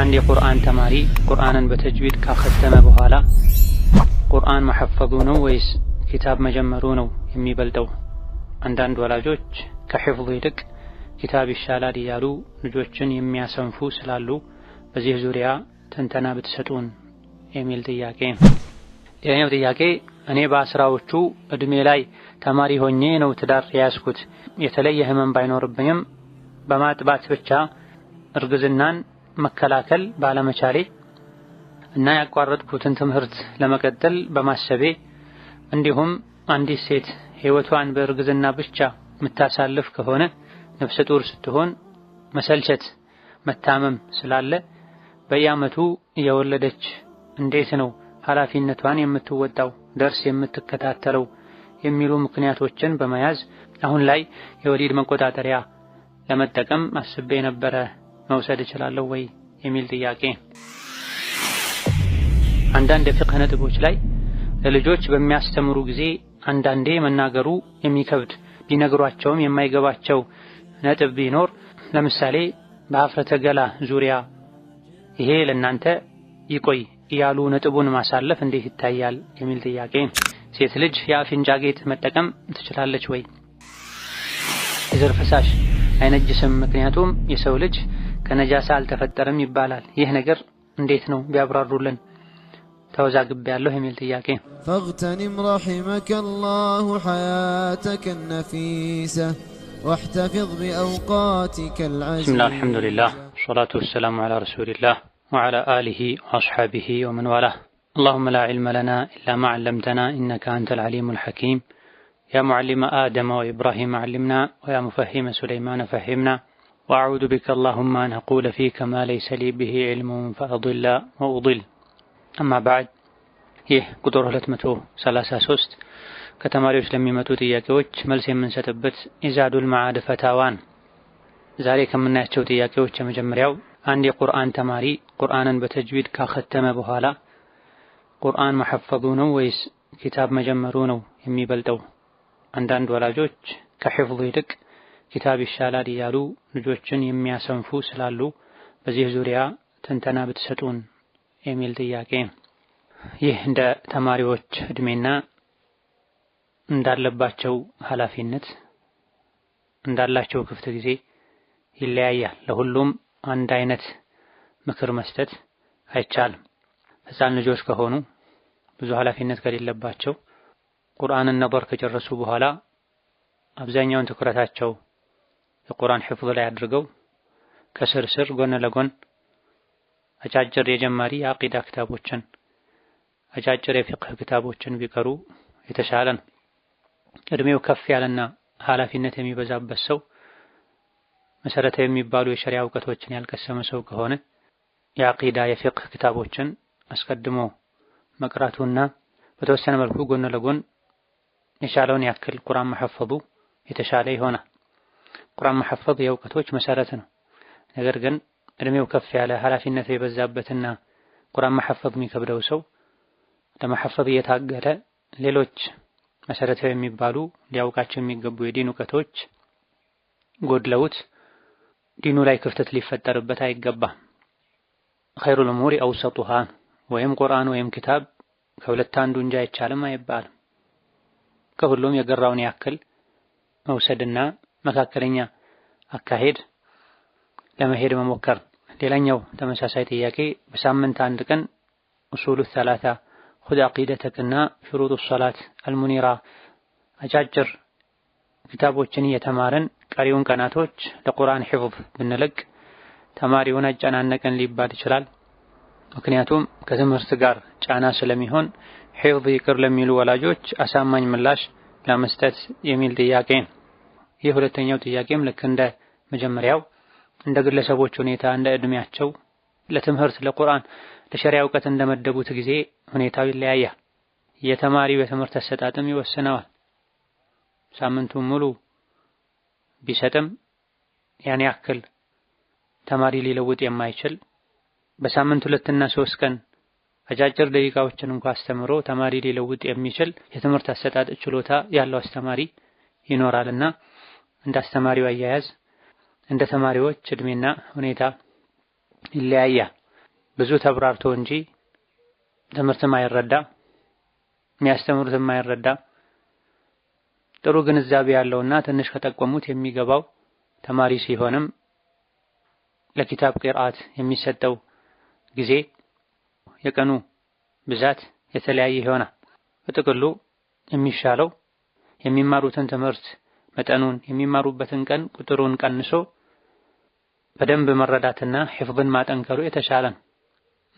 አንድ የቁርአን ተማሪ ቁርአንን በተጅዊድ ካከተመ በኋላ ቁርአን መሐፈዙ ነው ወይስ ኪታብ መጀመሩ ነው የሚበልጠው? አንዳንድ ወላጆች ከሕፍዙ ይልቅ ኪታብ ይሻላል እያሉ ልጆችን የሚያሰንፉ ስላሉ በዚህ ዙሪያ ትንተና ብትሰጡን የሚል ጥያቄ ነው። ሌላኛው ጥያቄ እኔ በአስራዎቹ እድሜ ላይ ተማሪ ሆኜ ነው ትዳር የያዝኩት። የተለየ ህመም ባይኖርብኝም በማጥባት ብቻ እርግዝናን መከላከል ባለመቻሌ እና ያቋረጥኩትን ትምህርት ለመቀጠል በማሰቤ እንዲሁም አንዲት ሴት ሕይወቷን በእርግዝና ብቻ የምታሳልፍ ከሆነ ነፍሰ ጡር ስትሆን መሰልቸት፣ መታመም ስላለ በየዓመቱ እየወለደች እንዴት ነው ኃላፊነቷን የምትወጣው ደርስ የምትከታተለው የሚሉ ምክንያቶችን በመያዝ አሁን ላይ የወሊድ መቆጣጠሪያ ለመጠቀም አስቤ ነበረ መውሰድ እችላለሁ ወይ የሚል ጥያቄ። አንዳንድ የፍቅህ ነጥቦች ላይ ለልጆች በሚያስተምሩ ጊዜ አንዳንዴ መናገሩ የሚከብድ ቢነግሯቸውም የማይገባቸው ነጥብ ቢኖር ለምሳሌ በአፍረተ ገላ ዙሪያ ይሄ ለእናንተ ይቆይ እያሉ ነጥቡን ማሳለፍ እንዴት ይታያል የሚል ጥያቄ። ሴት ልጅ የአፍንጫ ጌጥ መጠቀም ትችላለች ወይ? የዘር ፈሳሽ አይነጅስም፣ ምክንያቱም የሰው ልጅ ከነጃሳ አልተፈጠረም ይባላል። ይህ ነገር እንዴት ነው ቢያብራሩልን። ተወዛግብ ያለሁ የሚል ጥያቄ ፈግተኒም ረሒመከ ላሁ ሐያተከ ነፊሰ واحتفظ بأوقاتك العجيبة بسم الله الحمد لله والصلاة والسلام على رسول الله وعلى آله وأصحابه ومن والاه اللهم لا علم لنا إلا ما علمتنا إنك أنت العليم الحكيم يا معلم آدم وإبراهيم علمنا ويا مفهم سليمان فهمنا وأعوذ بك اللهم أن أقول فيك ما ليس لي به علم فأضل وأضل أما بعد ይህ ቁጥር 233 ከተማሪዎች ለሚመጡ ጥያቄዎች መልስ የምንሰጥበት ኢዛዱል መዓድ ፈታዋን ዛሬ ከምናያቸው ጥያቄዎች የመጀመሪያው አንድ የቁርአን ተማሪ ቁርአንን በተጅዊድ ካከተመ በኋላ ቁርአን መሐፈዙ ነው ወይስ ኪታብ መጀመሩ ነው የሚበልጠው? አንዳንድ ወላጆች ከሕፍዙ ይልቅ ኪታብ ይሻላል እያሉ ልጆችን የሚያሰንፉ ስላሉ በዚህ ዙሪያ ትንተና ብትሰጡን የሚል ጥያቄ። ይህ እንደ ተማሪዎች እድሜና እንዳለባቸው ኃላፊነት እንዳላቸው ክፍት ጊዜ ይለያያል። ለሁሉም አንድ አይነት ምክር መስጠት አይቻልም። ህፃን ልጆች ከሆኑ ብዙ ኃላፊነት ከሌለባቸው ቁርአንን ነበር ከጨረሱ በኋላ አብዛኛውን ትኩረታቸው የቁርአን ሕፍዝ ላይ አድርገው ከስር ስር ጎን ለጎን አጫጭር የጀማሪ የአቂዳ ክታቦችን አጫጭር የፊቅህ ክታቦችን ቢቀሩ የተሻለ ነው። እድሜው ከፍ ያለና ኃላፊነት የሚበዛበት ሰው መሰረታዊ የሚባሉ የሸሪያ እውቀቶችን ያልቀሰመ ሰው ከሆነ የአቂዳ የፊቅህ ክታቦችን አስቀድሞ መቅራቱና በተወሰነ መልኩ ጎን ለጎን የቻለውን ያክል ቁርአን መሐፈዙ የተሻለ ይሆናል። ቁርአን መሐፈዝ የእውቀቶች መሰረት ነው። ነገር ግን እድሜው ከፍ ያለ ኃላፊነት የበዛበትና ቁርአን መሐፈዝ የሚከብደው ሰው ለመሐፈዝ እየታገለ ሌሎች መሰረታዊ የሚባሉ ሊያውቃቸው የሚገቡ የዲን እውቀቶች ጎድለውት ዲኑ ላይ ክፍተት ሊፈጠርበት አይገባም። ኸይሩል እሙሪ አውሰጡሃ ወይም ቁርአን ወይም ኪታብ ከሁለት አንዱ እንጂ አይቻልም አይባልም። ከሁሉም የገራውን ያክል መውሰድና መካከለኛ አካሄድ ለመሄድ መሞከር። ሌላኛው ተመሳሳይ ጥያቄ በሳምንት አንድ ቀን ኡሱሉ ሰላሳ ሁድ አቂደተክና ሽሩጡ ሰላት አልሙኒራ አጫጭር ክታቦችን እየተማረን ቀሪውን ቀናቶች ለቁርአን ሒፍዝ ብንለቅ ተማሪውን አጨናነቀን ሊባል ይችላል። ምክንያቱም ከትምህርት ጋር ጫና ስለሚሆን ሒፍዝ ይቅር ለሚሉ ወላጆች አሳማኝ ምላሽ ለመስጠት የሚል ጥያቄ ነው። ሁለተኛው ጥያቄም ልክ እንደ መጀመሪያው እንደ ግለሰቦች ሁኔታ እንደ እድሜያቸው ለትምህርት ለቁርአን ለሸሪያ እውቀት እንደመደቡት ጊዜ ሁኔታው ይለያያል። የተማሪው የትምህርት አሰጣጥም ይወስነዋል። ሳምንቱን ሙሉ ቢሰጥም ያን ያክል ተማሪ ሊለውጥ የማይችል በሳምንት ሁለትና ሶስት ቀን አጫጭር ደቂቃዎችን እንኳ አስተምሮ ተማሪ ሊለውጥ የሚችል የትምህርት አሰጣጥ ችሎታ ያለው አስተማሪ ይኖራልና እንደ አስተማሪው አያያዝ እንደ ተማሪዎች እድሜና ሁኔታ ይለያያል። ብዙ ተብራርቶ እንጂ ትምህርት ማይረዳ የሚያስተምሩት የማይረዳ ጥሩ ግንዛቤ ያለውና ትንሽ ከጠቆሙት የሚገባው ተማሪ ሲሆንም ለኪታብ ቅርአት የሚሰጠው ጊዜ የቀኑ ብዛት የተለያየ ይሆናል። በጥቅሉ የሚሻለው የሚማሩትን ትምህርት መጠኑን የሚማሩበትን ቀን ቁጥሩን ቀንሶ በደንብ መረዳትና ሕፍብን ማጠንከሩ የተሻለ ነው።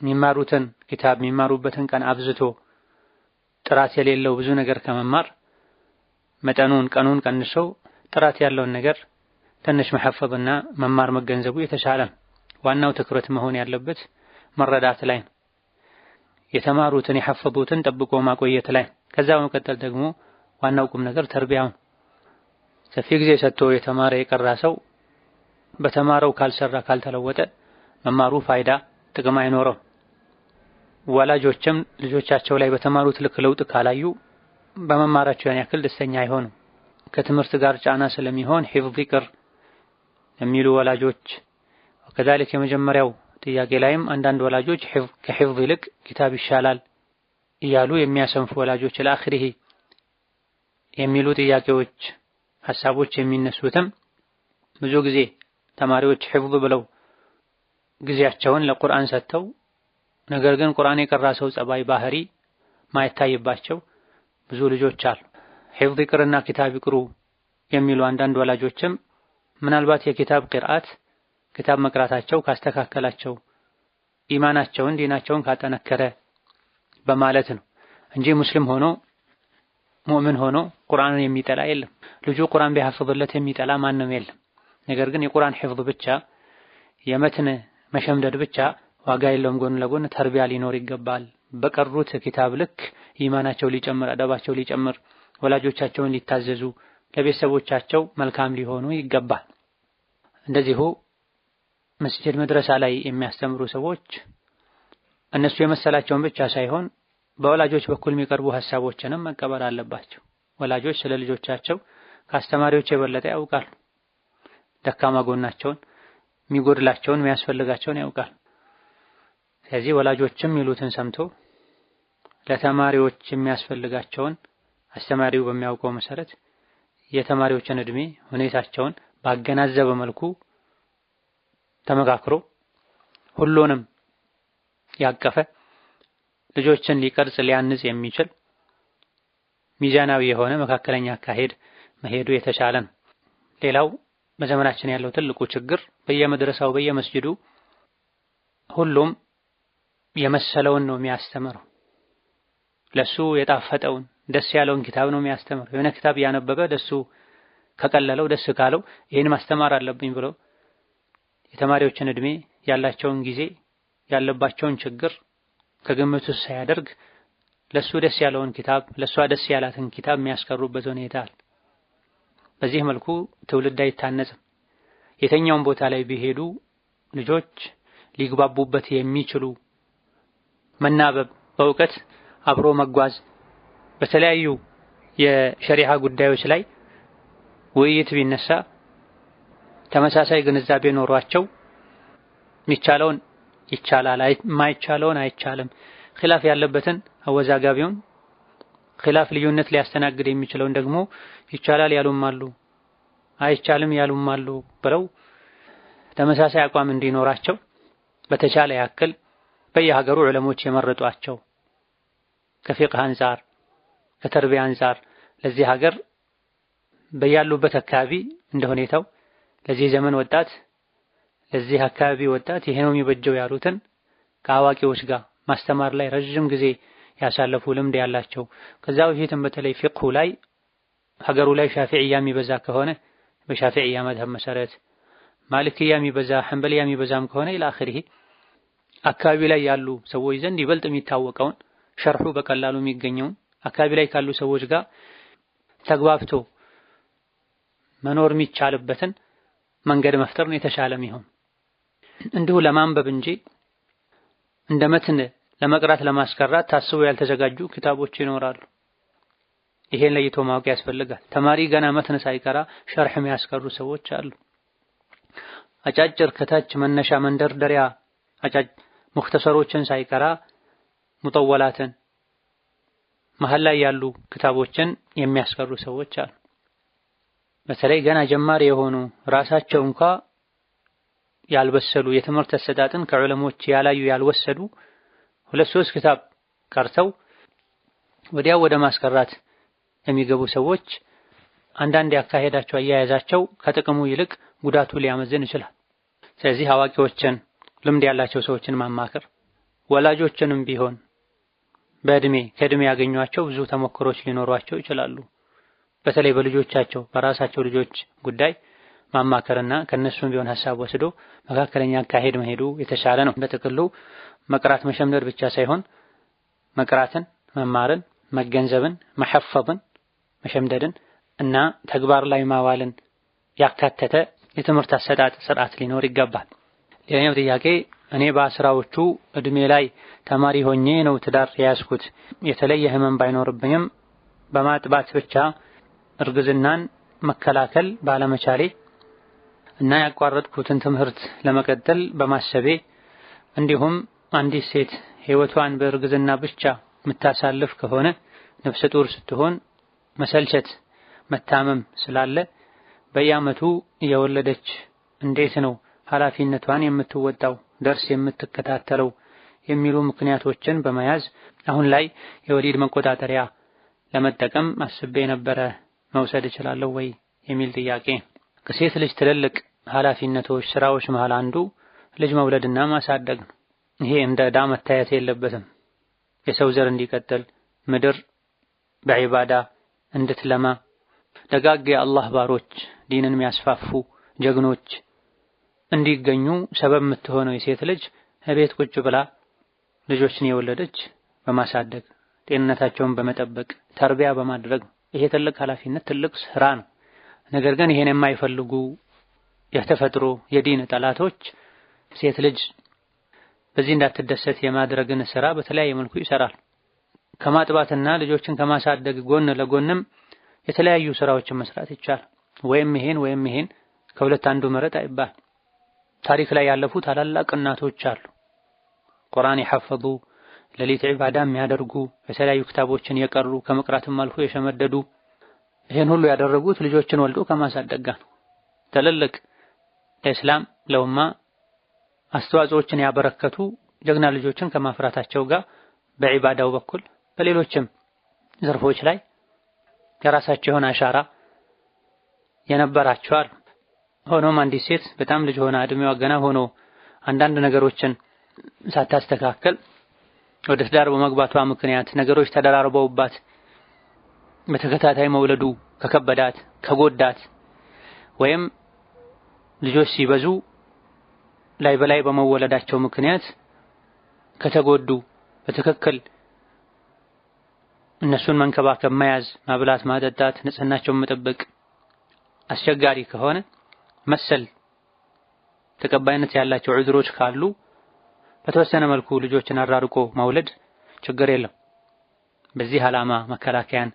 የሚማሩትን ኪታብ የሚማሩበትን ቀን አብዝቶ ጥራት የሌለው ብዙ ነገር ከመማር መጠኑን ቀኑን ቀንሶ ጥራት ያለውን ነገር ትንሽ መሐፈብና መማር መገንዘቡ የተሻለ ነው። ዋናው ትኩረት መሆን ያለበት መረዳት ላይ ነው። የተማሩትን የሐፈቡትን ጠብቆ ማቆየት ላይ ከዛ በመቀጠል ደግሞ ዋናው ቁም ነገር ተርቢያውን ሰፊ ጊዜ ሰጥቶ የተማረ የቀራ ሰው በተማረው ካልሰራ ካልተለወጠ መማሩ ፋይዳ ጥቅም አይኖረው። ወላጆችም ልጆቻቸው ላይ በተማሩት ልክ ለውጥ ካላዩ በመማራቸው ያን ያክል ደስተኛ አይሆንም። ከትምህርት ጋር ጫና ስለሚሆን ሂፍዝ ይቅር የሚሉ ወላጆች ከዛልክ የመጀመሪያው ጥያቄ ላይም አንዳንድ ወላጆች ከሂፍዝ ይልቅ ኪታብ ይሻላል እያሉ የሚያሰንፉ ወላጆች ለአኺሪሂ የሚሉ ጥያቄዎች ሀሳቦች የሚነሱትም ብዙ ጊዜ ተማሪዎች ሕፍዝ ብለው ጊዜያቸውን ለቁርአን ሰጥተው ነገር ግን ቁርአን የቀራ ሰው ጸባይ፣ ባህሪ ማይታይባቸው ብዙ ልጆች አሉ። ሕፍዝ ይቅርና ኪታብ ይቅሩ የሚሉ አንዳንድ ወላጆችም ምናልባት የኪታብ ቅርአት ኪታብ መቅራታቸው ካስተካከላቸው ኢማናቸውን ዲናቸውን ካጠነከረ በማለት ነው እንጂ ሙስሊም ሆኖ ሙእምን ሆኖ ቁርአንን የሚጠላ የለም። ልጁ ቁርአን ቢያፍዝለት የሚጠላ ማንም የለም። ነገር ግን የቁርአን ሂፍዝ ብቻ የመትን መሸምደድ ብቻ ዋጋ የለውም። ጎን ለጎን ተርቢያ ሊኖር ይገባል። በቀሩት ኪታብ ልክ ኢማናቸው ሊጨምር፣ አደባቸው ሊጨምር፣ ወላጆቻቸውን ሊታዘዙ፣ ለቤተሰቦቻቸው መልካም ሊሆኑ ይገባል። እንደዚሁ መስጂድ መድረሳ ላይ የሚያስተምሩ ሰዎች እነሱ የመሰላቸውን ብቻ ሳይሆን በወላጆች በኩል የሚቀርቡ ሀሳቦችንም መቀበል አለባቸው። ወላጆች ስለ ልጆቻቸው ከአስተማሪዎች የበለጠ ያውቃሉ። ደካማ ጎናቸውን፣ የሚጎድላቸውን፣ የሚያስፈልጋቸውን ያውቃል። ስለዚህ ወላጆችም ይሉትን ሰምቶ ለተማሪዎች የሚያስፈልጋቸውን አስተማሪው በሚያውቀው መሰረት የተማሪዎችን እድሜ ሁኔታቸውን ባገናዘበ መልኩ ተመካክሮ ሁሉንም ያቀፈ ልጆችን ሊቀርጽ ሊያንጽ የሚችል ሚዛናዊ የሆነ መካከለኛ አካሄድ መሄዱ የተሻለ ነው። ሌላው በዘመናችን ያለው ትልቁ ችግር በየመድረሳው በየመስጅዱ ሁሉም የመሰለውን ነው የሚያስተምረው። ለሱ የጣፈጠውን ደስ ያለውን ኪታብ ነው የሚያስተምረው። የሆነ ኪታብ እያነበበ ደሱ ከቀለለው ደስ ካለው ይህን ማስተማር አለብኝ ብሎ የተማሪዎችን እድሜ ያላቸውን ጊዜ ያለባቸውን ችግር ከግምት ውስጥ ሳያደርግ ለሱ ደስ ያለውን ኪታብ ለሱ ደስ ያላትን ኪታብ የሚያስቀሩበት ሁኔታ አለ። በዚህ መልኩ ትውልድ አይታነጽም። የተኛውን ቦታ ላይ ቢሄዱ ልጆች ሊግባቡበት የሚችሉ መናበብ፣ በእውቀት አብሮ መጓዝ፣ በተለያዩ የሸሪዓ ጉዳዮች ላይ ውይይት ቢነሳ ተመሳሳይ ግንዛቤ ኖሯቸው የሚቻለውን ይቻላል፣ የማይቻለውን አይቻልም፣ ኺላፍ ያለበትን አወዛጋቢውን፣ ኺላፍ ልዩነት ሊያስተናግድ የሚችለውን ደግሞ ይቻላል ያሉም አሉ፣ አይቻልም ያሉም አሉ ብለው ተመሳሳይ አቋም እንዲኖራቸው በተቻለ ያክል በየሀገሩ ዕለሞች የመረጧቸው ከፊቅህ አንጻር ከተርቢያ አንጻር ለዚህ ሀገር በያሉበት አካባቢ እንደሁኔታው ለዚህ ዘመን ወጣት ለዚህ አካባቢ ወጣት ይሄ ነው የሚበጀው ያሉትን ከአዋቂዎች ጋር ማስተማር ላይ ረዥም ጊዜ ያሳለፉ ልምድ ያላቸው ከዛ በፊትም በተለይ ፊቅሁ ላይ ሀገሩ ላይ ሻፊዕያ የሚበዛ ከሆነ በሻፊዕያ መዝሀብ መሰረት ማልክያ የሚበዛ ሐንበልያ የሚበዛም ከሆነ ኢላ አካባቢ ላይ ያሉ ሰዎች ዘንድ ይበልጥ የሚታወቀውን ሸርሑ በቀላሉ የሚገኘውን አካባቢ ላይ ካሉ ሰዎች ጋር ተግባብቶ መኖር የሚቻልበትን መንገድ መፍጠር ነው የተሻለ የሚሆን። እንዲሁ ለማንበብ እንጂ እንደ መትን ለመቅራት ለማስቀራት ታስቦ ያልተዘጋጁ ክታቦች ይኖራሉ። ይሄን ለይቶ ማወቅ ያስፈልጋል። ተማሪ ገና መትን ሳይቀራ ሸርሕ የሚያስቀሩ ሰዎች አሉ። አጫጭር ከታች መነሻ መንደርደሪያ አጫጭ ሙክተሰሮችን ሳይቀራ ሙጠወላትን መሀል ላይ ያሉ ክታቦችን የሚያስቀሩ ሰዎች አሉ። በተለይ ገና ጀማሪ የሆኑ ራሳቸው እንኳ ያልበሰሉ የትምህርት አሰጣጥን ከዑለሞች ያላዩ ያልወሰዱ ሁለት ሶስት ክታብ ቀርተው ወዲያው ወደ ማስቀራት የሚገቡ ሰዎች አንዳንድ ያካሄዳቸው አያያዛቸው ከጥቅሙ ይልቅ ጉዳቱ ሊያመዝን ይችላል። ስለዚህ አዋቂዎችን ልምድ ያላቸው ሰዎችን ማማከር፣ ወላጆችንም ቢሆን በእድሜ ከእድሜ ያገኟቸው ብዙ ተሞክሮች ሊኖሯቸው ይችላሉ። በተለይ በልጆቻቸው በራሳቸው ልጆች ጉዳይ ማማከርና ከነሱም ቢሆን ሀሳብ ወስዶ መካከለኛ አካሄድ መሄዱ የተሻለ ነው። በጥቅሉ መቅራት መሸምደድ ብቻ ሳይሆን መቅራትን፣ መማርን፣ መገንዘብን፣ መሐፈብን፣ መሸምደድን እና ተግባር ላይ ማዋልን ያካተተ የትምህርት አሰጣጥ ስርዓት ሊኖር ይገባል። ሌላኛው ጥያቄ እኔ በአስራዎቹ እድሜ ላይ ተማሪ ሆኜ ነው ትዳር የያዝኩት። የተለየ ህመም ባይኖርብኝም በማጥባት ብቻ እርግዝናን መከላከል ባለመቻሌ እና ያቋረጥኩትን ትምህርት ለመቀጠል በማሰቤ እንዲሁም አንዲት ሴት ህይወቷን በእርግዝና ብቻ የምታሳልፍ ከሆነ ነፍሰ ጡር ስትሆን መሰልቸት፣ መታመም ስላለ በየዓመቱ እየወለደች እንዴት ነው ኃላፊነቷን የምትወጣው ደርስ የምትከታተለው የሚሉ ምክንያቶችን በመያዝ አሁን ላይ የወሊድ መቆጣጠሪያ ለመጠቀም አስቤ ነበረ። መውሰድ እችላለሁ ወይ የሚል ጥያቄ ከሴት ልጅ ትልልቅ ኃላፊነቶች፣ ስራዎች መሃል አንዱ ልጅ መውለድና ማሳደግ ነው። ይሄ እንደ ዕዳ መታየት የለበትም። የሰው ዘር እንዲቀጥል ምድር በዒባዳ እንድትለማ ደጋግ የአላህ ባሮች ዲንን የሚያስፋፉ ጀግኖች እንዲገኙ ሰበብ የምትሆነው የሴት ልጅ ቤት ቁጭ ብላ ልጆችን የወለደች በማሳደግ ጤንነታቸውን በመጠበቅ ተርቢያ በማድረግ ይሄ ትልቅ ኃላፊነት፣ ትልቅ ስራ ነው። ነገር ግን ይሄን የማይፈልጉ የተፈጥሮ የዲን ጠላቶች ሴት ልጅ በዚህ እንዳትደሰት የማድረግን ስራ በተለያየ መልኩ ይሰራል። ከማጥባትና ልጆችን ከማሳደግ ጎን ለጎንም የተለያዩ ስራዎችን መስራት ይቻላል። ወይም ይሄን ወይም ይሄን ከሁለት አንዱ ምረጥ አይባል። ታሪክ ላይ ያለፉ ታላላቅ እናቶች አሉ። ቁርአን የሐፈዙ ሌሊት ዒባዳ የሚያደርጉ የተለያዩ ክታቦችን የቀሩ ከመቅራትም አልፎ የሸመደዱ ይህን ሁሉ ያደረጉት ልጆችን ወልዶ ከማሳደግ ጋር ነው። ትልልቅ ለእስላም ለውማ አስተዋጽኦችን ያበረከቱ ጀግና ልጆችን ከማፍራታቸው ጋር በዒባዳው በኩል በሌሎችም ዘርፎች ላይ የራሳቸው የሆነ አሻራ የነበራቸው አሉ። ሆኖም አንዲት ሴት በጣም ልጅ ሆና እድሜዋ ገና ሆኖ አንዳንድ ነገሮችን ሳታስተካከል ወደ ትዳር በመግባቷ ምክንያት ነገሮች ተደራርበውባት በተከታታይ መውለዱ ከከበዳት ከጎዳት ወይም ልጆች ሲበዙ ላይ በላይ በመወለዳቸው ምክንያት ከተጎዱ በትክክል እነሱን መንከባከብ፣ መያዝ፣ ማብላት፣ ማጠጣት፣ ንጽህናቸውን መጠበቅ አስቸጋሪ ከሆነ መሰል ተቀባይነት ያላቸው ዑድሮች ካሉ በተወሰነ መልኩ ልጆችን አራርቆ መውለድ ችግር የለም። በዚህ ዓላማ መከላከያን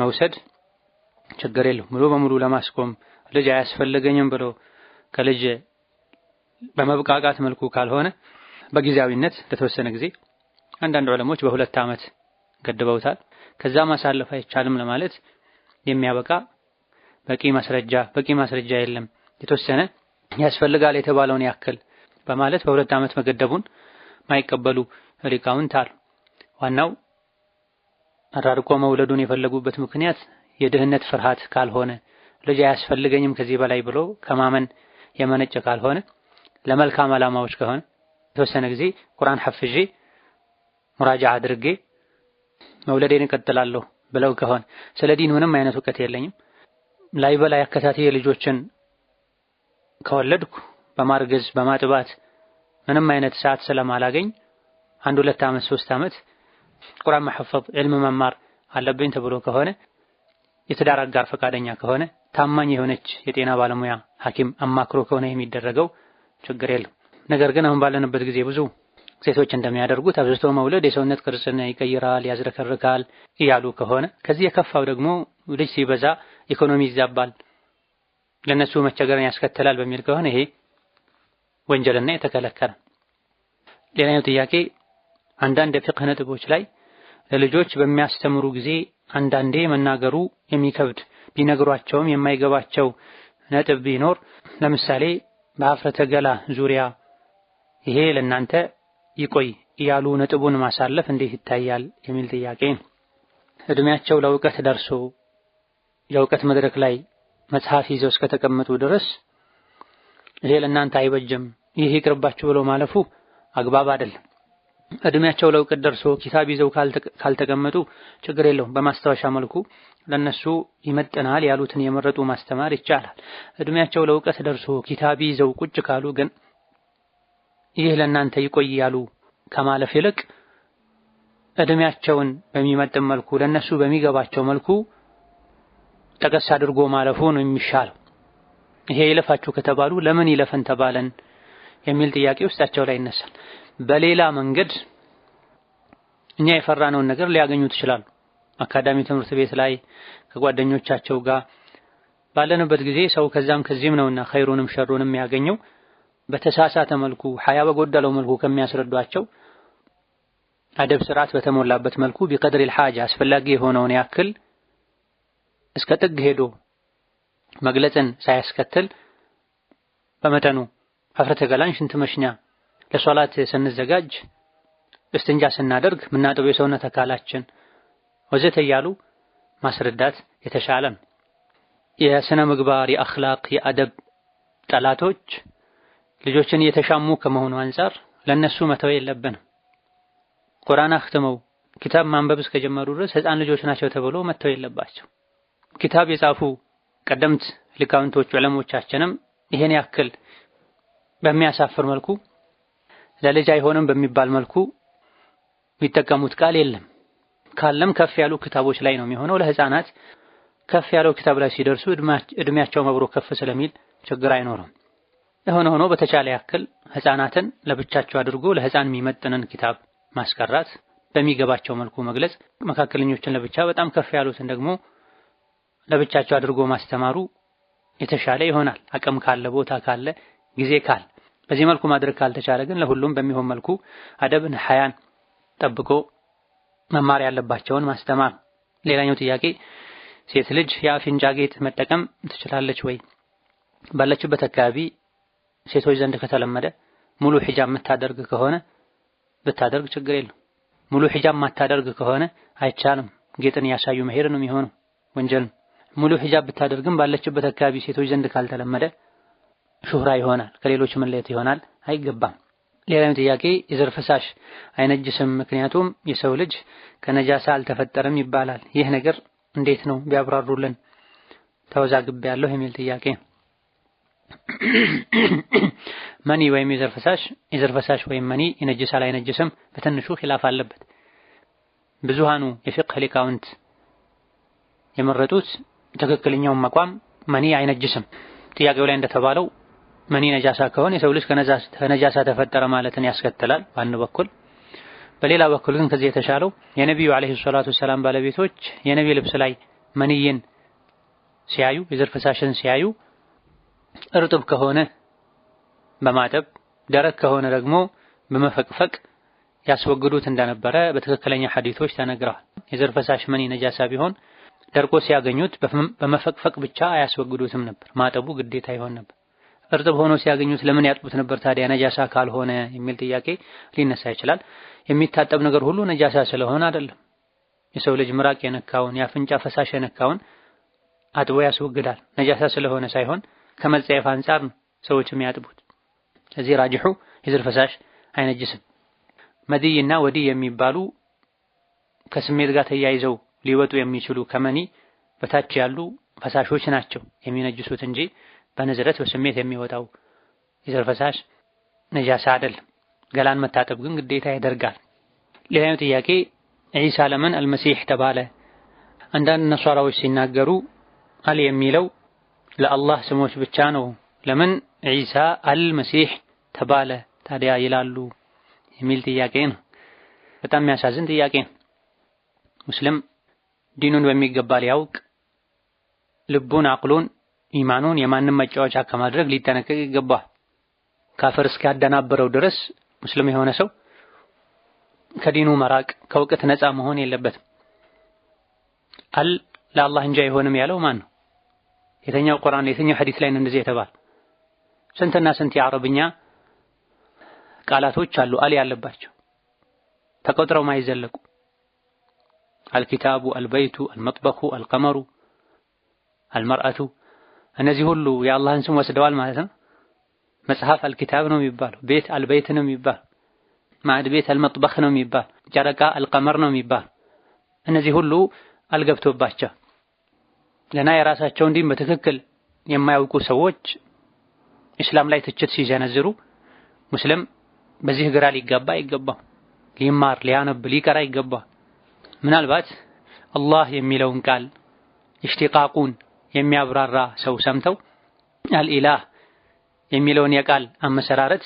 መውሰድ ችግር የለው ሙሉ በሙሉ ለማስቆም ልጅ አያስፈልገኝም ብሎ ከልጅ በመብቃቃት መልኩ ካልሆነ በጊዜያዊነት ለተወሰነ ጊዜ አንዳንድ ዑለሞች በሁለት ዓመት ገድበውታል። ከዛ ማሳለፍ አይቻልም ለማለት የሚያበቃ በቂ ማስረጃ በቂ ማስረጃ የለም የተወሰነ ያስፈልጋል የተባለውን ያክል በማለት በሁለት ዓመት መገደቡን ማይቀበሉ ሊቃውንት አሉ። ዋናው አራርቆ መውለዱን የፈለጉበት ምክንያት የድህነት ፍርሃት ካልሆነ ልጅ አያስፈልገኝም ከዚህ በላይ ብሎ ከማመን የመነጨ ካልሆነ ለመልካም ዓላማዎች ከሆነ የተወሰነ ጊዜ ቁርአን ሐፍዤ ሙራጃ አድርጌ መውለዴን እቀጥላለሁ ብለው ከሆነ ስለ ዲን ምንም አይነት እውቀት የለኝም ላይ በላይ አከታትዬ ልጆችን ከወለድኩ በማርገዝ በማጥባት ምንም አይነት ሰዓት ስለማላገኝ አንድ ሁለት ዓመት ሶስት ዓመት ቁርአን መሐፈዝ ዕልም መማር አለብኝ ተብሎ ከሆነ የትዳር አጋር ፈቃደኛ ከሆነ ታማኝ የሆነች የጤና ባለሙያ ሐኪም አማክሮ ከሆነ የሚደረገው ችግር የለም። ነገር ግን አሁን ባለንበት ጊዜ ብዙ ሴቶች እንደሚያደርጉት አብዝቶ መውለድ የሰውነት ቅርጽን ይቀይራል፣ ያዝረከርካል እያሉ ከሆነ ከዚህ የከፋው ደግሞ ልጅ ሲበዛ ኢኮኖሚ ይዛባል፣ ለነሱ መቸገርን ያስከትላል በሚል ከሆነ ይሄ ወንጀልና የተከለከለ። ሌላኛው ጥያቄ አንዳንድ የፍቅህ ነጥቦች ላይ ለልጆች በሚያስተምሩ ጊዜ አንዳንዴ መናገሩ የሚከብድ ቢነግሯቸውም የማይገባቸው ነጥብ ቢኖር ለምሳሌ በሀፍረተ ገላ ዙሪያ ይሄ ለእናንተ ይቆይ እያሉ ነጥቡን ማሳለፍ እንዴት ይታያል የሚል ጥያቄ ነው። እድሜያቸው ለእውቀት ደርሶ የእውቀት መድረክ ላይ መጽሐፍ ይዘው እስከተቀመጡ ድረስ ይሄ ለእናንተ አይበጅም፣ ይህ ይቅርባችሁ ብሎ ማለፉ አግባብ አይደለም። እድሜያቸው ለውቅት ደርሶ ኪታብ ይዘው ካልተቀመጡ ችግር የለውም። በማስታወሻ መልኩ ለነሱ ይመጥናል ያሉትን የመረጡ ማስተማር ይቻላል። እድሜያቸው ለውቀት ደርሶ ኪታብ ይዘው ቁጭ ካሉ ግን ይህ ለእናንተ ይቆይ ያሉ ከማለፍ ይልቅ እድሜያቸውን በሚመጥን መልኩ ለነሱ በሚገባቸው መልኩ ጠቀስ አድርጎ ማለፉ ነው የሚሻለው። ይሄ ይለፋችሁ ከተባሉ ለምን ይለፈን ተባለን የሚል ጥያቄ ውስጣቸው ላይ ይነሳል። በሌላ መንገድ እኛ የፈራነውን ነገር ሊያገኙ ይችላል አካዳሚ ትምህርት ቤት ላይ ከጓደኞቻቸው ጋር ባለንበት ጊዜ ሰው ከዛም ከዚህም ነውና ኸይሩንም ሸሩንም ያገኘው በተሳሳተ መልኩ ሀያ በጎደለው መልኩ ከሚያስረዷቸው አደብ ስርዓት በተሞላበት መልኩ ቢቀድር ልሓጃ አስፈላጊ የሆነውን ያክል እስከ ጥግ ሄዶ መግለጽን ሳያስከትል በመጠኑ ሐፍረተ ገላን ሽንት መሽኛ ለሶላት ስንዘጋጅ፣ እስትንጃ ስናደርግ ምናጥበው የሰውነት አካላችን ወዘተ እያሉ ማስረዳት የተሻለ ነው። የስነ ምግባር የአኽላቅ የአደብ ጠላቶች ልጆችን እየተሻሙ ከመሆኑ አንጻር ለነሱ መተው የለብንም። ቁርአን አክትመው ኪታብ ማንበብ እስከጀመሩ ድረስ ህፃን ልጆች ናቸው ተብሎ መተው የለባቸው። ኪታብ የጻፉ ቀደምት ሊቃውንቶች ዕለሞቻችንም ይሄን ያክል በሚያሳፍር መልኩ ለልጅ አይሆንም በሚባል መልኩ የሚጠቀሙት ቃል የለም። ካለም ከፍ ያሉ ክታቦች ላይ ነው የሚሆነው። ለህፃናት ከፍ ያለው ክታብ ላይ ሲደርሱ እድሜያቸው መብሮ ከፍ ስለሚል ችግር አይኖርም። የሆነ ሆኖ በተቻለ ያክል ህፃናትን ለብቻቸው አድርጎ ለህፃን የሚመጥንን ኪታብ ማስቀራት፣ በሚገባቸው መልኩ መግለጽ፣ መካከለኞችን ለብቻ በጣም ከፍ ያሉትን ደግሞ ለብቻቸው አድርጎ ማስተማሩ የተሻለ ይሆናል። አቅም ካለ፣ ቦታ ካለ፣ ጊዜ ካለ በዚህ መልኩ ማድረግ ካልተቻለ ግን ለሁሉም በሚሆን መልኩ አደብን ሐያን ጠብቆ መማር ያለባቸውን ማስተማር። ሌላኛው ጥያቄ ሴት ልጅ የአፍንጫ ጌጥ መጠቀም ትችላለች ወይ? ባለችበት አካባቢ ሴቶች ዘንድ ከተለመደ ሙሉ ሒጃብ የምታደርግ ከሆነ ብታደርግ ችግር የለው። ሙሉ ሒጃብ ማታደርግ ከሆነ አይቻልም። ጌጥን ያሳዩ መሄድ ነው የሚሆነው፣ ወንጀል ሙሉ ሒጃብ ብታደርግም ባለችበት አካባቢ ሴቶች ዘንድ ካልተለመደ ሹህራ ይሆናል፣ ከሌሎች መለየት ይሆናል። አይገባም። ሌላም ጥያቄ የዘር ፈሳሽ አይነጅስም፣ ምክንያቱም የሰው ልጅ ከነጃሳ አልተፈጠረም ይባላል። ይህ ነገር እንዴት ነው ቢያብራሩልን፣ ተወዛግቤያለሁ የሚል ጥያቄ። መኒ ወይም የዘር ፈሳሽ የዘር ፈሳሽ ወይም መኒ ይነጅሳል አይነጅስም በትንሹ ኺላፍ አለበት። ብዙሃኑ የፊቅህ ሊቃውንት የመረጡት ትክክለኛውን መቋም መኒ አይነጅስም ጥያቄው ላይ እንደተባለው መኒ ነጃሳ ከሆነ የሰው ልጅ ከነጃሳ ተፈጠረ ማለትን ያስከትላል በአንድ በኩል። በሌላ በኩል ግን ከዚህ የተሻለው የነቢዩ አለይሂ ሰላቱ ሰላም ባለቤቶች የነቢ ልብስ ላይ መንይን ሲያዩ የዘር ፈሳሽን ሲያዩ እርጥብ ከሆነ በማጠብ ደረቅ ከሆነ ደግሞ በመፈቅፈቅ ያስወግዱት እንደነበረ በትክክለኛ ሐዲቶች ተነግረዋል። የዘር ፈሳሽ መኒ ነጃሳ ቢሆን ደርቆ ሲያገኙት በመፈቅፈቅ ብቻ አያስወግዱትም ነበር፣ ማጠቡ ግዴታ ይሆን ነበር። እርጥብ ሆኖ ሲያገኙት ለምን ያጥቡት ነበር ታዲያ ነጃሳ ካልሆነ የሚል ጥያቄ ሊነሳ ይችላል። የሚታጠብ ነገር ሁሉ ነጃሳ ስለሆነ አይደለም። የሰው ልጅ ምራቅ የነካውን የአፍንጫ ፈሳሽ የነካውን አጥቦ ያስወግዳል። ነጃሳ ስለሆነ ሳይሆን ከመጸየፍ አንጻር ነው ሰዎችም ያጥቡት። ስለዚህ ራጅሑ የዝር ፈሳሽ አይነጅስም። መድይና ወዲ የሚባሉ ከስሜት ጋር ተያይዘው ሊወጡ የሚችሉ ከመኒ በታች ያሉ ፈሳሾች ናቸው የሚነጅሱት እንጂ በንዝረት በስሜት የሚወጣው የዘር ፈሳሽ ነጃሳ አይደል። ገላን መታጠብ ግን ግዴታ ያደርጋል። ሌላኛው ጥያቄ ዒሳ ለምን አልመሲህ ተባለ? አንዳንድ ነሷራዎች ሲናገሩ አል የሚለው ለአላህ ስሞች ብቻ ነው፣ ለምን ዒሳ አልመሲህ ተባለ ታዲያ ይላሉ የሚል ጥያቄ ነው። በጣም የሚያሳዝን ጥያቄ ነው። ሙስሊም ዲኑን በሚገባ ሊያውቅ ልቡን አቅሉን ኢማኑን የማንም መጫወቻ ከማድረግ ሊጠነቀቅ ይገባል። ካፈር እስኪያደናበረው ድረስ ሙስሊም የሆነ ሰው ከዲኑ መራቅ ከእውቀት ነፃ መሆን የለበትም። አል ለአላህ እንጂ አይሆንም ያለው ማን ነው? የተኛው ቁርአን የተኛው ሐዲስ ላይ ነው እንደዚህ የተባለ? ስንትና ስንት የአረብኛ ቃላቶች አሉ አል ያለባቸው ተቆጥረው ማይዘለቁ አልኪታቡ፣ አልበይቱ፣ አልመጥበኹ፣ አልቀመሩ፣ አልመርአቱ እነዚህ ሁሉ የአላህን ስም ወስደዋል ማለት ነው። መጽሐፍ አልኪታብ ነው የሚባለው፣ ቤት አልበይት ነው የሚባለው፣ ማዕድ ቤት አልመጥበኽ ነው የሚባል፣ ጨረቃ አልቀመር ነው የሚባል። እነዚህ ሁሉ አልገብቶባቸው ገና የራሳቸው እንዲህም በትክክል የማያውቁ ሰዎች ኢስላም ላይ ትችት ሲዘነዝሩ ሙስሊም በዚህ ግራ ሊገባ አይገባው፣ ሊማር ሊያነብ ሊቀራ ይገባ። ምናልባት አላህ የሚለውን ቃል ኢሽቲቃቁን የሚያብራራ ሰው ሰምተው አልኢላህ የሚለውን የቃል አመሰራረት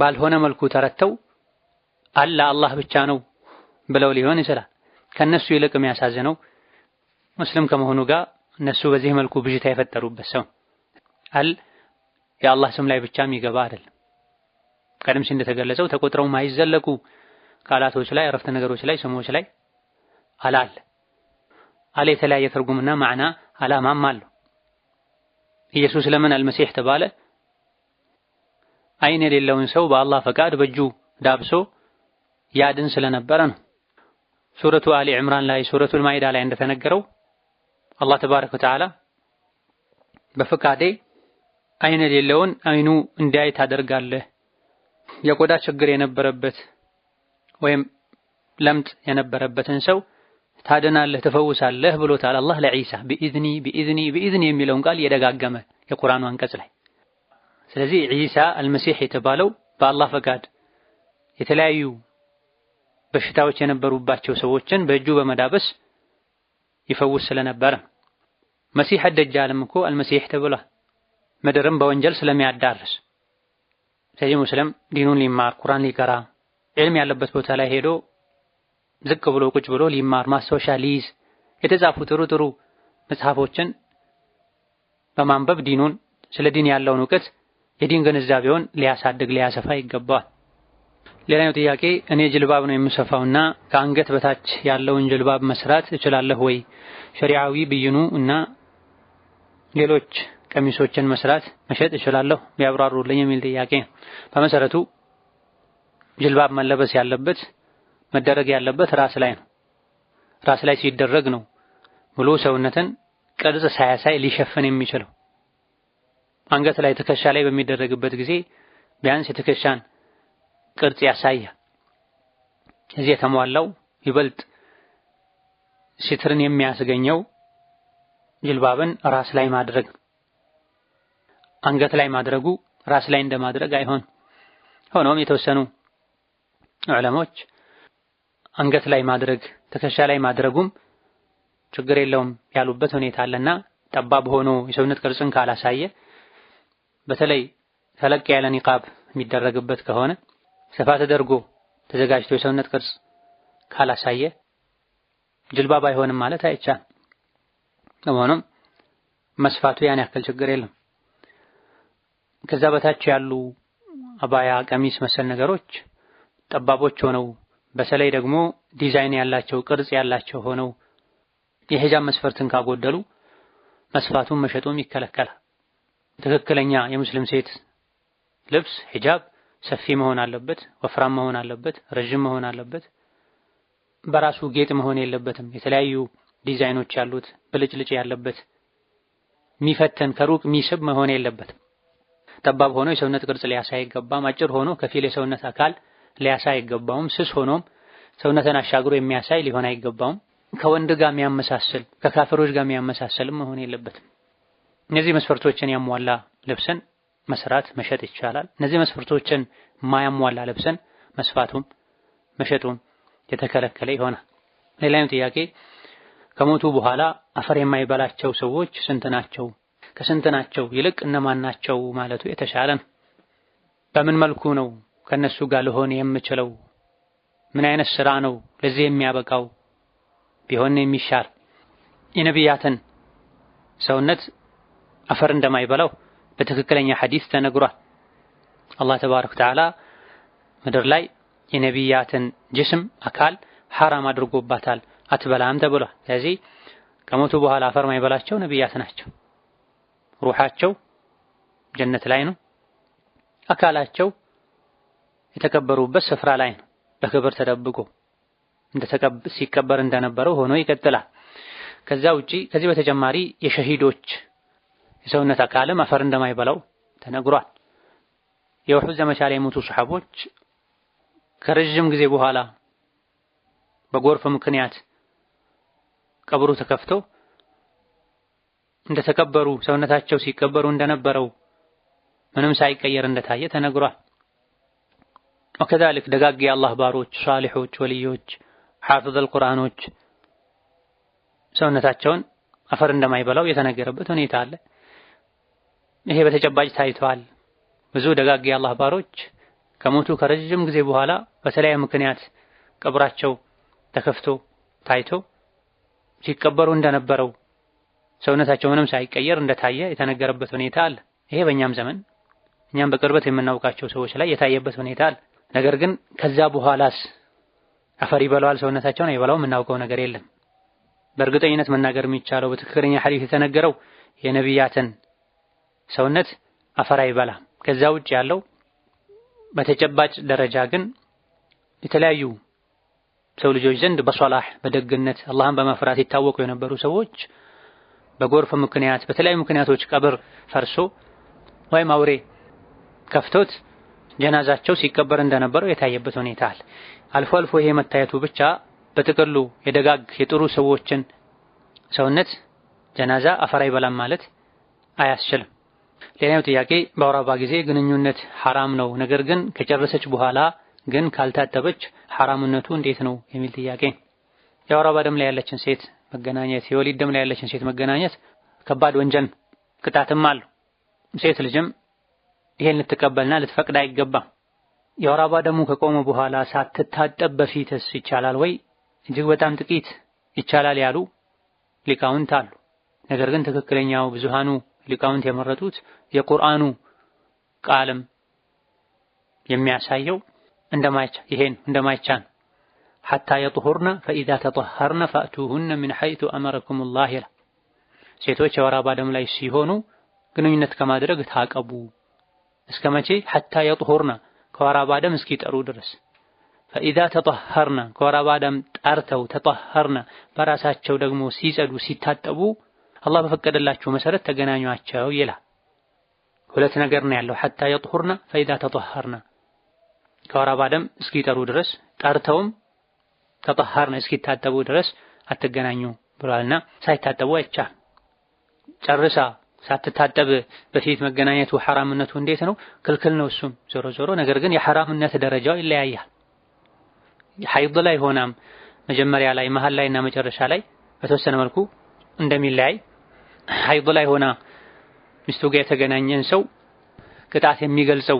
ባልሆነ መልኩ ተረተው አላ አላህ ብቻ ነው ብለው ሊሆን ይችላል። ከነሱ ይልቅ የሚያሳዝነው ሙስሊም ከመሆኑ ጋር እነሱ በዚህ መልኩ ብዥታ የፈጠሩበት ሰው አል የአላህ ስም ላይ ብቻ የሚገባ አይደለም። ቀደም ሲል እንደተገለጸው ተቆጥረው ማይዘለቁ ቃላቶች ላይ አረፍተ ነገሮች ላይ ስሞች ላይ አላል አለ የተለያየ ትርጉምና ማዕና አላማም አለው። ኢየሱስ ለምን አልመሲህ ተባለ? አይን የሌለውን ሰው በአላህ ፈቃድ በእጁ ዳብሶ ያድን ስለነበረ ነው። ሱረቱ አሊ ዕምራን ላይ ሱረቱ ማይዳ ላይ እንደተነገረው አላህ ተባረከ ወተዓላ በፈቃዴ አይን የሌለውን አይኑ እንዲያይ ታደርጋለህ። የቆዳ ችግር የነበረበት ወይም ለምጥ የነበረበትን ሰው ታድናለህ፣ ትፈውሳለህ ብሎታል አላህ ለዒሳ ቢኢዝኒ ቢኢዝኒ ቢኢዝኒ የሚለውን ቃል እየደጋገመ የቁርአኑ አንቀጽ ላይ። ስለዚህ ዒሳ አልመሲሕ የተባለው በአላህ ፈቃድ የተለያዩ በሽታዎች የነበሩባቸው ሰዎችን በእጁ በመዳበስ ይፈውስ ስለነበረ መሲሕ አደጃልም እኮ አልመሲሕ ተብሏል። ምድርም በወንጀል ስለሚያዳርስ ስለዚህ ሙስሊም ዲኑን ሊማር ቁርአን ሊቀራ ዒልም ያለበት ቦታ ላይ ሄዶ ዝቅ ብሎ ቁጭ ብሎ ሊማር ማስታወሻ ሊይዝ የተጻፉ ጥሩ ጥሩ መጽሐፎችን በማንበብ ዲኑን ስለ ዲን ያለውን እውቀት የዲን ግንዛቤውን ሊያሳድግ ሊያሰፋ ይገባዋል። ሌላኛው ጥያቄ እኔ ጅልባብ ነው የምሰፋውና ከአንገት በታች ያለውን ጅልባብ መስራት እችላለሁ ወይ? ሸሪዓዊ ብይኑ እና ሌሎች ቀሚሶችን መስራት መሸጥ እችላለሁ ቢያብራሩልኝ የሚል ጥያቄ። በመሰረቱ ጅልባብ መለበስ ያለበት መደረግ ያለበት ራስ ላይ ነው። ራስ ላይ ሲደረግ ነው ሙሉ ሰውነትን ቅርጽ ሳያሳይ ሊሸፍን የሚችለው። አንገት ላይ፣ ትከሻ ላይ በሚደረግበት ጊዜ ቢያንስ የትከሻን ቅርጽ ያሳያል። እዚህ የተሟላው ይበልጥ ሲትርን የሚያስገኘው ጅልባብን ራስ ላይ ማድረግ ነው። አንገት ላይ ማድረጉ ራስ ላይ እንደማድረግ አይሆን። ሆኖም የተወሰኑ ዑለሞች አንገት ላይ ማድረግ ትከሻ ላይ ማድረጉም ችግር የለውም ያሉበት ሁኔታ አለና ጠባብ ሆኖ የሰውነት ቅርጽን ካላሳየ በተለይ ተለቅ ያለ ኒቃብ የሚደረግበት ከሆነ ሰፋ ተደርጎ ተዘጋጅቶ የሰውነት ቅርጽ ካላሳየ ጅልባብ አይሆንም ማለት አይቻልም። ለመሆኑም መስፋቱ ያን ያክል ችግር የለም። ከዛ በታች ያሉ አባያ፣ ቀሚስ መሰል ነገሮች ጠባቦች ሆነው በተለይ ደግሞ ዲዛይን ያላቸው ቅርጽ ያላቸው ሆነው የሂጃብ መስፈርትን ካጎደሉ መስፋቱን መሸጡም ይከለከላል። ትክክለኛ የሙስሊም ሴት ልብስ ሂጃብ ሰፊ መሆን አለበት፣ ወፍራም መሆን አለበት፣ ረዥም መሆን አለበት። በራሱ ጌጥ መሆን የለበትም። የተለያዩ ዲዛይኖች ያሉት ብልጭልጭ ያለበት የሚፈተን ከሩቅ የሚስብ መሆን የለበትም። ጠባብ ሆኖ የሰውነት ቅርጽ ሊያሳይ አይገባም። አጭር ሆኖ ከፊል የሰውነት አካል ሊያሳይ አይገባውም። ስስ ሆኖም ሰውነትን አሻግሮ የሚያሳይ ሊሆን አይገባውም። ከወንድ ጋር የሚያመሳስል ከካፈሮች ጋር የሚያመሳስልም መሆን የለበትም። እነዚህ መስፈርቶችን ያሟላ ልብስን መስራት መሸጥ ይቻላል። እነዚህ መስፈርቶችን ማያሟላ ልብስን መስፋቱም መሸጡም የተከለከለ ይሆናል። ሌላኛው ጥያቄ ከሞቱ በኋላ አፈር የማይበላቸው ሰዎች ስንት ናቸው? ከስንት ናቸው ይልቅ እነማን ናቸው ማለቱ የተሻለ ነው። በምን መልኩ ነው ከነሱ ጋር ልሆን የምችለው? ምን አይነት ስራ ነው ለዚህ የሚያበቃው? ቢሆን የሚሻል የነቢያትን ሰውነት አፈር እንደማይበላው በትክክለኛ ሐዲስ ተነግሯል። አላህ ተባረከ ወተዓላ ምድር ላይ የነቢያትን ጅስም አካል ሐራም አድርጎባታል፣ አትበላም ተብሏል። ስለዚህ ከሞቱ በኋላ አፈር ማይበላቸው ነቢያት ናቸው። ሩሃቸው ጀነት ላይ ነው። አካላቸው የተከበሩበት ስፍራ ላይ ነው። በክብር ተደብቆ ሲቀበር እንደነበረው ሆኖ ይቀጥላል። ከዛ ውጪ ከዚህ በተጨማሪ የሸሂዶች የሰውነት አካልም አፈር እንደማይበላው ተነግሯል። የውሑድ ዘመቻ ላይ የሞቱ ሰሐቦች ከረዥም ጊዜ በኋላ በጎርፍ ምክንያት ቀብሩ ተከፍቶ እንደተቀበሩ ሰውነታቸው ሲቀበሩ እንደነበረው ምንም ሳይቀየር እንደታየ ተነግሯል። ወከዛሊክ ደጋግ የአላህ ባሮች፣ ሷሊሖች፣ ወልዮች፣ ሐፊዘል ቁርአኖች ሰውነታቸውን አፈር እንደማይበላው የተነገረበት ሁኔታ አለ። ይሄ በተጨባጭ ታይቷል። ብዙ ደጋግ የአላህ ባሮች ከሞቱ ከረጅም ጊዜ በኋላ በተለያየ ምክንያት ቀብራቸው ተከፍቶ ታይቶ ሲቀበሩ እንደነበረው ሰውነታቸው ምንም ሳይቀየር እንደታየ የተነገረበት ሁኔታ አለ። ይሄ በእኛም ዘመን እኛም በቅርበት የምናውቃቸው ሰዎች ላይ የታየበት ሁኔታ አለ። ነገር ግን ከዛ በኋላስ አፈር ይበላዋል ሰውነታቸውን አይበላውም የምናውቀው ነገር የለም። በእርግጠኝነት መናገር የሚቻለው በትክክለኛ ሐዲስ የተነገረው የነቢያትን ሰውነት አፈር አይበላም። ከዛ ውጭ ያለው በተጨባጭ ደረጃ ግን የተለያዩ ሰው ልጆች ዘንድ በሷላህ በደግነት አላህን በመፍራት ይታወቁ የነበሩ ሰዎች በጎርፍ ምክንያት በተለያዩ ምክንያቶች ቀብር ፈርሶ ወይም አውሬ ከፍቶት ጀናዛቸው ሲቀበር እንደነበረው የታየበት ሁኔታ አለ። አልፎ አልፎ ይሄ መታየቱ ብቻ በጥቅሉ የደጋግ የጥሩ ሰዎችን ሰውነት ጀናዛ አፈር አይበላም ማለት አያስችልም። ሌላኛው ጥያቄ በአውራባ ጊዜ ግንኙነት ሐራም ነው፣ ነገር ግን ከጨረሰች በኋላ ግን ካልታጠበች ሐራምነቱ እንዴት ነው የሚል ጥያቄ። የአውራባ ደም ላይ ያለችን ሴት መገናኘት፣ የወሊድ ደም ላይ ያለችን ሴት መገናኘት ከባድ ወንጀል ቅጣትም አለው። ሴት ልጅም ይሄን ልትቀበልና ልትፈቅድ አይገባም። የወር አበባ ደሙ ከቆመ በኋላ ሳትታጠብ በፊትስ ይቻላል ወይ? እጅግ በጣም ጥቂት ይቻላል ያሉ ሊቃውንት አሉ። ነገር ግን ትክክለኛው ብዙሃኑ ሊቃውንት የመረጡት የቁርአኑ ቃልም የሚያሳየው እንደማይቻ ይሄን እንደማይቻ ነው። ሐታ የጥሁርና ፈኢዛ ተጠሀርነ ፈእቱሁነ ምን ሐይቱ አመረኩም ላህ ይላል። ሴቶች የወር አበባ ደም ላይ ሲሆኑ ግንኙነት ከማድረግ ታቀቡ እስከ መቼ ሐታ የጥሁርና ከወራባ ደም እስኪጠሩ ድረስ ፈኢዛ ተጠሀርና ከወራባ ደም ጠርተው ተጠሀርና በራሳቸው ደግሞ ሲጸዱ ሲታጠቡ አላህ በፈቀደላቸው መሰረት ተገናኟቸው ይላል። ሁለት ነገር ነው ያለው። ሐታ የጥሁርና ፈኢዛ ተጠሀርና ከወራባ ደም እስኪጠሩ ድረስ ጠርተውም ተጠሀርና እስኪታጠቡ ድረስ አትገናኙ ብሏልና ሳይታጠቡ አይቻል ጨርሳ ሳትታጠብ በፊት መገናኘቱ ሐራምነቱ እንዴት ነው? ክልክል ነው። እሱም ዞሮ ዞሮ ነገር ግን የሐራምነት ደረጃው ይለያያል። ሐይድ ላይ ሆናም መጀመሪያ ላይ መሀል እና መጨረሻ ላይ በተወሰነ መልኩ እንደሚለያይ ሐይድ ላይ ሆና ሚስቱ ጋር የተገናኘን ሰው ቅጣት የሚገልጸው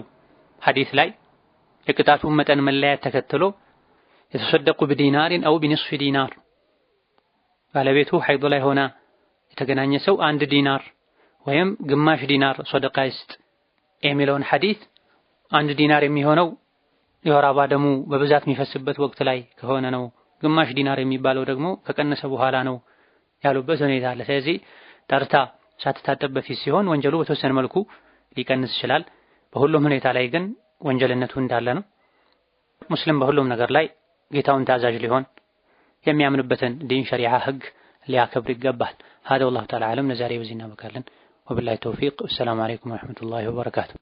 ሐዲስ ላይ የቅጣቱን መጠን መለያየት ተከትሎ የተሰደቁ ብዲናሪን አው ቢኒስፊ ዲናር ባለቤቱ ሐይድ ላይ ሆና የተገናኘ ሰው አንድ ዲናር ወይም ግማሽ ዲናር ሶደቃ ይስጥ የሚለውን ሐዲስ አንድ ዲናር የሚሆነው የወር አበባ ደሙ በብዛት የሚፈስበት ወቅት ላይ ከሆነ ነው። ግማሽ ዲናር የሚባለው ደግሞ ከቀነሰ በኋላ ነው ያሉበት ሁኔታ አለ። ስለዚህ ጠርታ ሳትታጠብ በፊት ሲሆን ወንጀሉ በተወሰነ መልኩ ሊቀንስ ይችላል። በሁሉም ሁኔታ ላይ ግን ወንጀልነቱ እንዳለ ነው። ሙስሊም በሁሉም ነገር ላይ ጌታውን ታዛዥ ሊሆን የሚያምንበትን ዲን ሸሪዓ ህግ ሊያከብር ይገባል። ሀደ ወላሁ ተዓላ አለም። ለዛሬ በዚህ እናበቃለን። وبالله التوفيق والسلام عليكم ورحمة الله وبركاته